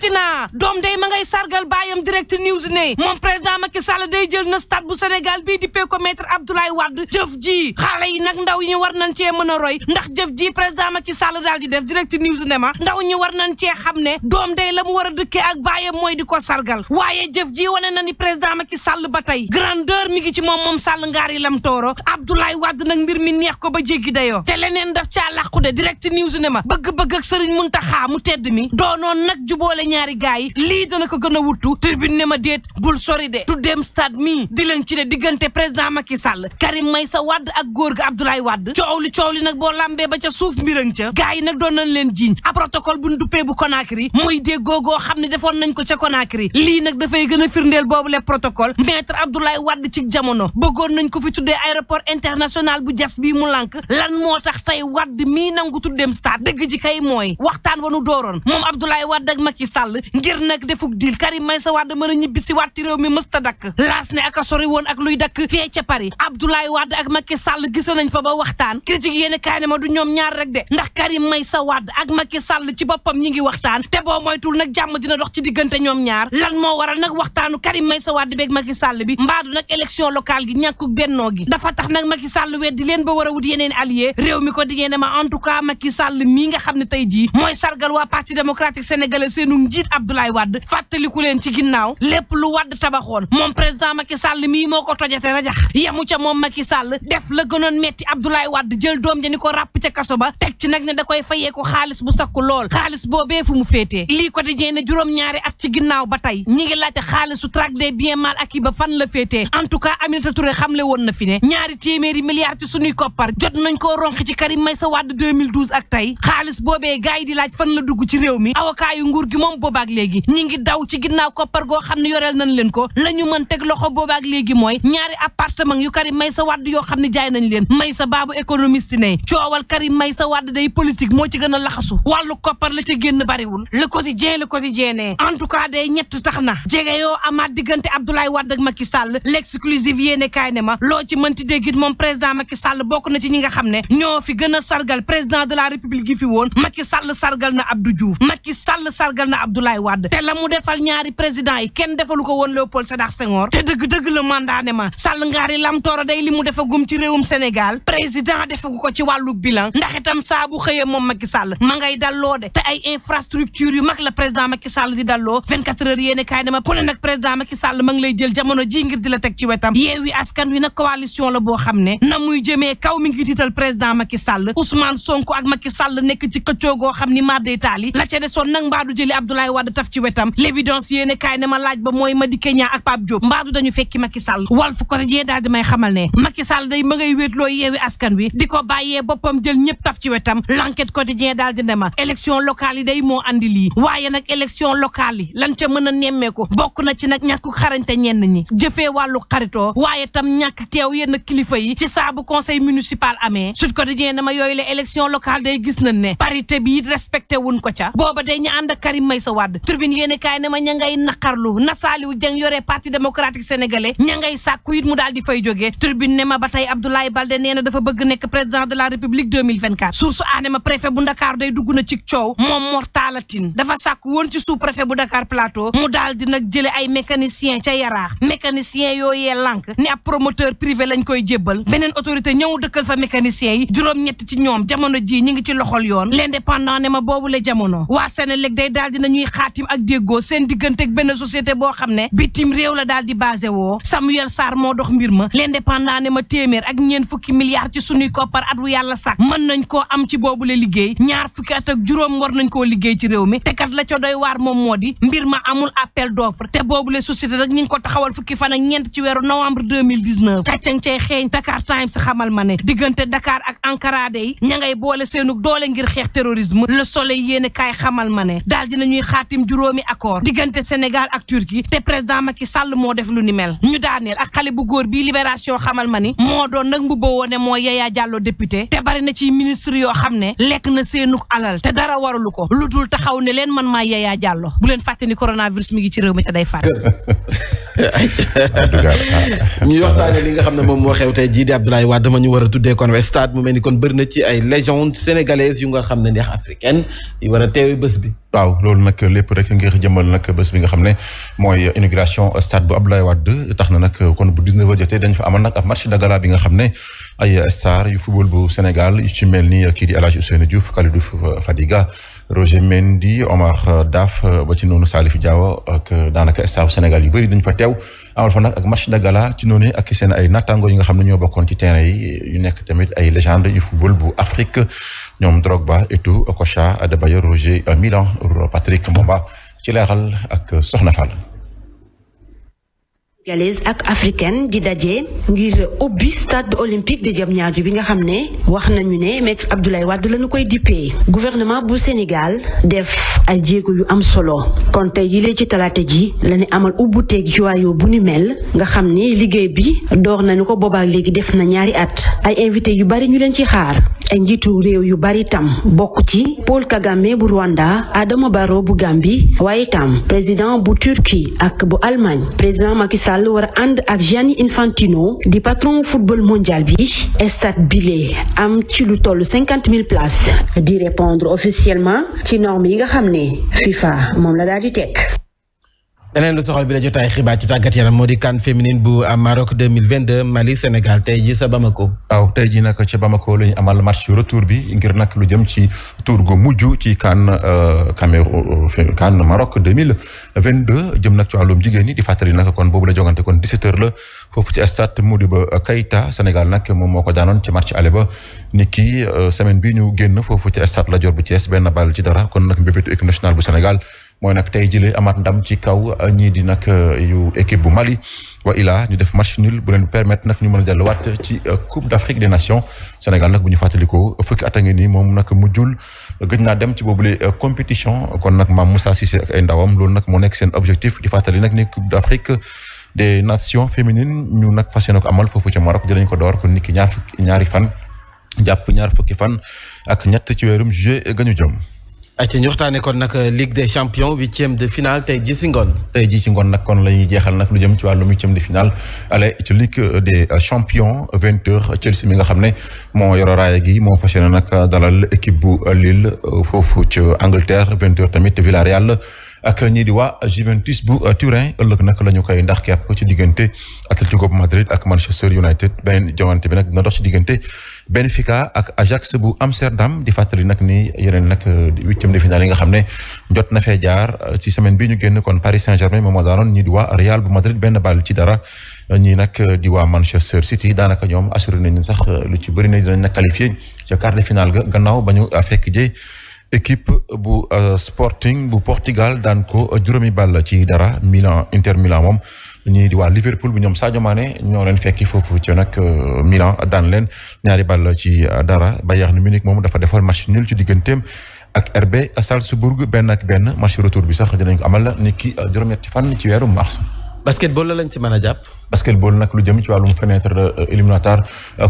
yëkkati naa doom day ma ngay sargal baayam direct news ne moom président Macky Sall day jël na stade bu Sénégal bii di pee ko maître Abdoulaye Wade jëf ji xale yi nag ndaw ñi war nañ cee mën a roy ndax jëf ji président Macky Sall daal di def direct news ne ma ndaw ñi war nañ cee xam ne doom day la mu war a dëkkee ak baayam mooy di ko sargal waaye jëf ji wane na ni président maki Sall ba tey grandeur mi ngi ci moom moom Sall ngaari lam tooro Abdoulaye Wade nag mbir mi neex ko ba jéggi dayoo te leneen daf caa làqu de direct news ne ma bëgg-bëgg ak Serigne Mountakha mu tedd mi ñaari gaay yi lii dana ko gën a wuttu tribune ne ma déet bul sori de tuddeem stade mii di leen ci ne diggante président Macky Sall may sa Wade ak góor ga Abdoulaye Wade coow li coow li nag boo lambee ba ca suuf mbirang ca gaay yi nag doon nañ leen jiiñ ab protocole bu ñu duppee bu Conakry muy déggoo goo xam ne defoon nañ ko ca Conakry lii nag dafay gën a boobu le protocole maître Abdoulaye Wade ci jamono bëggoon nañ ko fi tuddee aéroport international bu jas bii mu lànk lan moo tax tey Wade mii nangu tuddeem stade dëgg ji kay mooy waxtaan wanu dooroon moom Sall ngir nag defuk diil Karim Meïssa Wade mën a ñibbi si waat ci réew mi mësta dakk laas ne ak a sori woon ak luy dakk fee ca Paris Abdoulaye Sall ma du ñoom ñaar rek de ndax Karim Meïssa Wade ak Macky Sall ci boppam ñi ngi waxtaan te boo moytul nag jàmm dina dox ci diggante ñoom ñaar lan moo waral nag waxtaanu Karim Meïssa Wade beeg Macky Sall bi mbaadu nag élection locale gi ñàkkuk bennoo gi dafa tax nag Macky Sall weddi leen ba war a wut yeneen allié réew mi ko di ma en tout cas Macky Sall mii nga xam ne tey jii mooy sargal waa parti démocratique sénégalais seenu njiit Abdoulaye Wade fàttaliku leen ci ginnaaw lépp lu Wade tabaxoon moom président Macky Sall mii moo ko tojate rajax yemu ca moom Macky Sall def la gënoon metti Abdoulaye Wade jël doom ja ni ko rapp ca kaso ba teg ci nag ne da koy fayee ko xaalis bu sakku lool xaalis boobe fu mu féetee lii ko dijee ne juróom-ñaari at ci ginnaaw ba tey ñi ngi laajte xaalisu traque des biens mal acquis ba fan la féetee en tout cas Aminata xam xamle woon na fi ne ñaari téeméeri milliards ci sunuy jot nañ koo ronq ci Karim Meïssa Wade 2012 ak tey boobee gars yi laaj fan la dugg ci réew mi boobaak léegi ñi ngi daw ci ginnaaw koppar goo xam ne yoreel nañ leen ko la ñu mën teg loxo boobaak léegi mooy ñaari appartement yu Karim Meïssa Wade yoo xam ne jaay nañ leen Meïssa Babou économiste ne coowal Karim Meïssa Wade day politique moo ci gën a laxasu wàllu koppar la ca génn bariwul le quotidien le quotidien ne en tout cas day ñett tax na jege yoo amaat diggante Abdoulaye war ak Macky Sall l'exclusive yéene kaay ne ma loo ci mënti dégg it moom président Macky Sall bokk na ci ñi nga xam ne ñoo fi gën a sargal président de la république gi fi woon Macky Sall sargal na Abdou Diouf Macky Sall sargal na la Abdoulaye Wade te la mu defal ñaari président yi kenn defalu ko woon Léopold Sédar Senghor te dëgg-dëgg la mandat ne ma Sall ngaari lam toora day li mu defa gum ci réewum Sénégal président defagu ko ci wàllu bilan ndax itam saa bu xëyee moom Macky Sall ma ngay dalloo de te ay infrastructure yu mag la président Macky Sall di dalloo 24 heures yéene kaay ne ma ku ne nag président Macky Sall ma ngi lay jël jamono ji ngir di la teg ci wetam yeewi askan wi na coalition la boo xam ne na muy jëmee kaw mi ngi tiital président Macky Sall Ousmane Sonko ak Macky nekk ci xëccoo goo xam ni mar day taali la ca desoon nag mbaadu jëli Abdoulaye Wade taf ci wetam l'évidence yéene kaay ne ma laaj ba mooy Madické Niang ak Pape Diop mbaadu dañu fekki Macky Sall Walf Quotidien daal di may xamal ne Macky Sall day ma ngay wéetloo yeewi askan wi di ko bàyyee boppam jël ñëpp taf ci wetam l'enquête quotidien daal di ne ma élection locale yi day moo andi lii waaye nag élection locale yi lan ca mën a nemmeeku bokk na ci nag ñàkku xarañte ñenn ñi jëfee wàllu xaritoo waaye tam ñàkk teew yenn kilifa yi ci saabu conseil municipal amee Sud Quotidien ma yooyu la élection locale day gis nañ ne parité bi respecté wuñ ko ca Aïssa Wade turbine yéen kaay ne ma ña ngay naqarlu na Saliou Dieng yore parti démocratique sénégalais ña ngay sàkku mu daal fay jógee turbine ma ba tey Balde nee dafa bëgg nekk président de la république 2024 source aane ma préfet bu Ndakaaru day dugg na ci coow moom Mor Talla Tine dafa sàkk woon ci sous préfet bu Dakar Plateau mu daal di nag jële ay mécanicien ca yaraax mécanicien yooyee lànk ne ab promoteur privé lañ koy jébbal beneen autorité ñëw dëkkal fa mécanicien yi juróom-ñett ci ñoom jamono ji ñi ngi ci loxol yoon l'indépendant ne ma boobu la jamono waa Sénélec ñuy xaatim ak déggoo seen diggante ak benn société boo xam ne bitim réew la daal di basé woo Samuel Sarr moo dox mbir ma l'indépendant ne ma téeméer ak ñeen fukki milliards ci sunuy koppar at wu yàlla sàkk man nañ ko am ci boobu la liggéey ñaar fukki at juróom war nañ koo liggéey ci réew mi te kat la ca doy waar moom moo di mbir ma amul appel d'offre te boobu la société rek ñu ngi ko taxawal fukki fan ak ñeent ci weer novembre 2019 càccang cay xeeñ Dakar Times xamal ma ne diggante Dakar ak Ankara day ña boole seenu doole ngir xeex terrorisme le soleil yéene kaay xamal ma ne ñuy xaatim juróomi accord diggante Sénégal ak Turquie te président maki Sall moo def lu ni mel ñu daaneel ak xale bu góor bi libération xamal ma ni moo doon nag bu booboo ne moo Yaya Diallo député te bari na ci ministre yoo xam ne lekk na seenuk alal te dara waralu ko lu dul taxaw ne leen man maa Yaya Diallo bu leen fàtte ni mi ngi ci réew mi te day far ñu waxtaane li nga xam ne moom moo xew tey jii di Abdoulaye Wade ma ñu war a tuddee kon stade mu mel ni kon bëri na ci ay légendes sénégalaises yu nga xam ne neex africaine yu war a teewe bés bi waaw loolu nag lépp rek ngir jëmal nag bés bi nga xam ne mooy inauguration stade bu Abdoulaye Wade tax na nag kon bu 19 heures jotee dañ fa amal nag ab match de gala bi nga xam ne ay star yu football bu Sénégal yu ci mel ni kii di El Hadj Ousseynou Diouf Kalidou Fadiga Roger Mendy Omar Daf ba ci noonu Salif Diawa ak daanaka staff Sénégal yu bëri dañ fa teew amal fa nag ak match de gala ci noonu ak seen ay nattango yi nga xam ne ñoo bokkoon ci terrain yu nekk tamit ay légende yu football bu Afrique ñoom Drogba Eto'o Okocha Adebayor Roger Milan Patrick Mbomba ci leeral ak Soxna Fall. sénégalaise ak africaine di daje ngir ubbi stade olympique de Diamniadio bi nga xam ne wax nañu ne maître Abdoulaye Wade lañu koy dippee gouvernement bu Sénégal def ay jéego yu am solo kon tey yile ci talaate ji la ñu amal ubbuteeg joyau bu ni mel nga xam ne liggéey bi door nañu ko boobaak léegi def na ñaari at ay invité yu bari ñu leen ci xaar. njiitu réew yu bari tam bokk ci Paul Kagame bu Rwanda Adama Barrow bu Gambie waaye tam président bu Turquie ak bu Allemagne président Macky Sall war a ànd ak Gianni Infantino di patron football mondial bi stade bile am ci lu toll cinquante mille places di répondre officiellement ci normes yi nga xam ne FIFA moom la daal di teg. leneen lu soxal bi la jotaay xibaar ci tàggat yaram moo di CAN féminine bu Maroc 2022 Mali Sénégal tey ji sa Bamako aw tey ji nag ca Bamako la ñu amal match retour bi ngir nag lu jëm ci tour gu mujj ci CAN euh, Cameroun euh, mille Maroc 2022 jëm nag ci wàllum jigéen ñi di fàttali nag kon boobu la jogante kon 17h la foofu ci stade Modibo Keïta Sénégal nag moom moo ko daanoon ci match aller ba ni kii euh, semaine bi ñu génn foofu ci stade la jor bu Thiès benn bal ci dara kon nag mbébétu équipe nationale bu Sénégal mooy nag tey jëlee amaat ndam ci kaw euh, ñii di nag euh, yu équipe bu Mali wa ilaa ñu def match nul bu leen permettre nag ñu mën a delluwaat ci euh, Coupe d'Afrique des Nations Sénégal nag bu ñu fàttalikoo fukki at a ngi nii moom nag mujjul gëj naa dem ci boobu boobule compétition kon nag maam Moussa si ak ay ndawam loolu nag moo nekk seen objectif di fàttali nag ni Coupe d'Afrique des nation féminines ñu nag fas yéene ko amal foofu ca Maroc dinañ ko door kon niki ñaar fukki ñaari fan jàpp ñaar fukki fan ak ñett ci weerum juillet gañu jëm ayca ñu waxtaanee kon nag euh, Ligue des champions huitième de finale tey jii ngoon. tey jii si nag kon la jeexal nag lu jëm ci wàllum huitième de finale allez ci Ligue de champions vingt heures Chelsea mi nga xam ne moo yoro raaya gi moo fas yéene nag dalal équipe bu Lille euh, foofu ci Angleterre vingt heures tamit Villarreal. ak ñii di waa Juventus bu euh, Turin ëllëg nag la ñu koy ndax képp ci diggante Atlético Madrid ak Manchester United beneen joŋante bi nag dina dox ci diggante Benfica ak Ajax bu Amsterdam di fàttali nag ni yeneen nag euh, huitième de finale yi nga xam ne jot na fee jaar euh, ci semaine bi ñu génn kon Paris Saint-Germain moom moo daanoon ñii di waa Real bu Madrid benn bal ci dara. ñii nag di waa Manchester City daanaka ñoom assuré nañu sax lu ci bëri na dinañ na qualifié ca quart de finale ga gannaaw ba ñu fekk jee. équipe bu euh, Sporting bu Portugal daan ko juróomi ball ci dara Milan Inter Milan moom ñii di waa Liverpool bu ñoom Sadio Mané ñoo leen fekki foofu ci nag euh, Milan daan leen ñaari ball ci euh, dara Bayern Munich moom dafa defoon match nul ci digganteem ak RB Salzburg benn ak benn match retour bi sax dinañ ko amal ni ki juróom-ñetti fan ci weeru mars. basketball la lañ ci mën a jàpp. basketball nag lu jëm ci wàllum fenêtre éliminatoire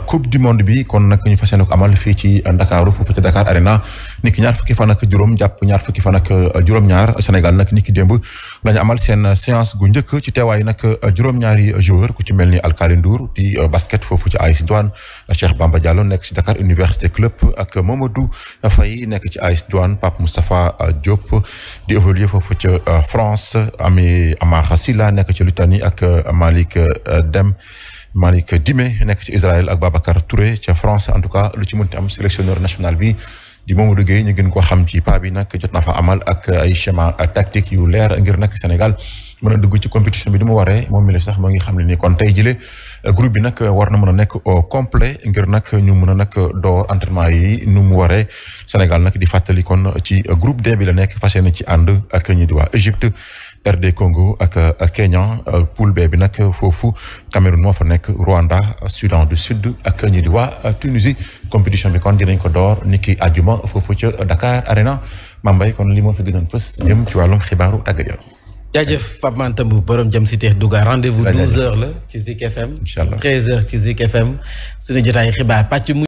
coupe du monde bi kon nag ñu fas yéene ko fii ci Ndakaaru foofu ci Dakar Arena ni ñaar fukki fan ak juróom jàpp ñaar fukki fan ak euh, juróom-ñaar Sénégal nag niki ki démb la amal seen euh, séance gu njëkk ci teewaay nag euh, juróom-ñaari joueur ku ci mel ni Alkali Ndour di basket foofu ci AS Douane Cheikh Bamba Diallo nekk ci Dakar Université Club ak Mamadou Faye nekk ci AS Douane Pape Moustapha Diop di évoluer foofu ci France Ami Amara Silla nekk ci Lutani ak Malick Dem Malick Dime nekk ci Israël ak Babacar Touré ca France en tout cas lu ci mënti am sélectionneur national bi di Mamadou duggee ñu gën ko xam ci pa bi nag jot na fa amal ak ay schéma tactique yu leer ngir nag Sénégal mën a dugg ci compétition bi di mu waree moom mi la sax moo ngi xam ne ni kon tey jile groupe bi nag war na mën a nekk au complet ngir nag ñu mun a nag door entraînement yi nu mu waree Sénégal nag di fàttali kon ci groupe D bi la nekk fas yéene ci ànd ak ñu diwaa waa Égypte RD Congo ak euh, Kenya euh, poule B bi nag foofu Cameroun moo fa nekk Rwanda Soudan du Sud ak ñi di waa euh, Tunisie compétition bi kon dinañ ko door niki àjjuma foofu ca Dakar Arena Mambay kon li moo fi gënoon fës jëm ci wàllum xibaaru tàggat yaram jaajëf Pape Matambu borom jëm si teex Duga rendez-vous 12 la ci Zik FM. incha allah xibaar pàcc mu.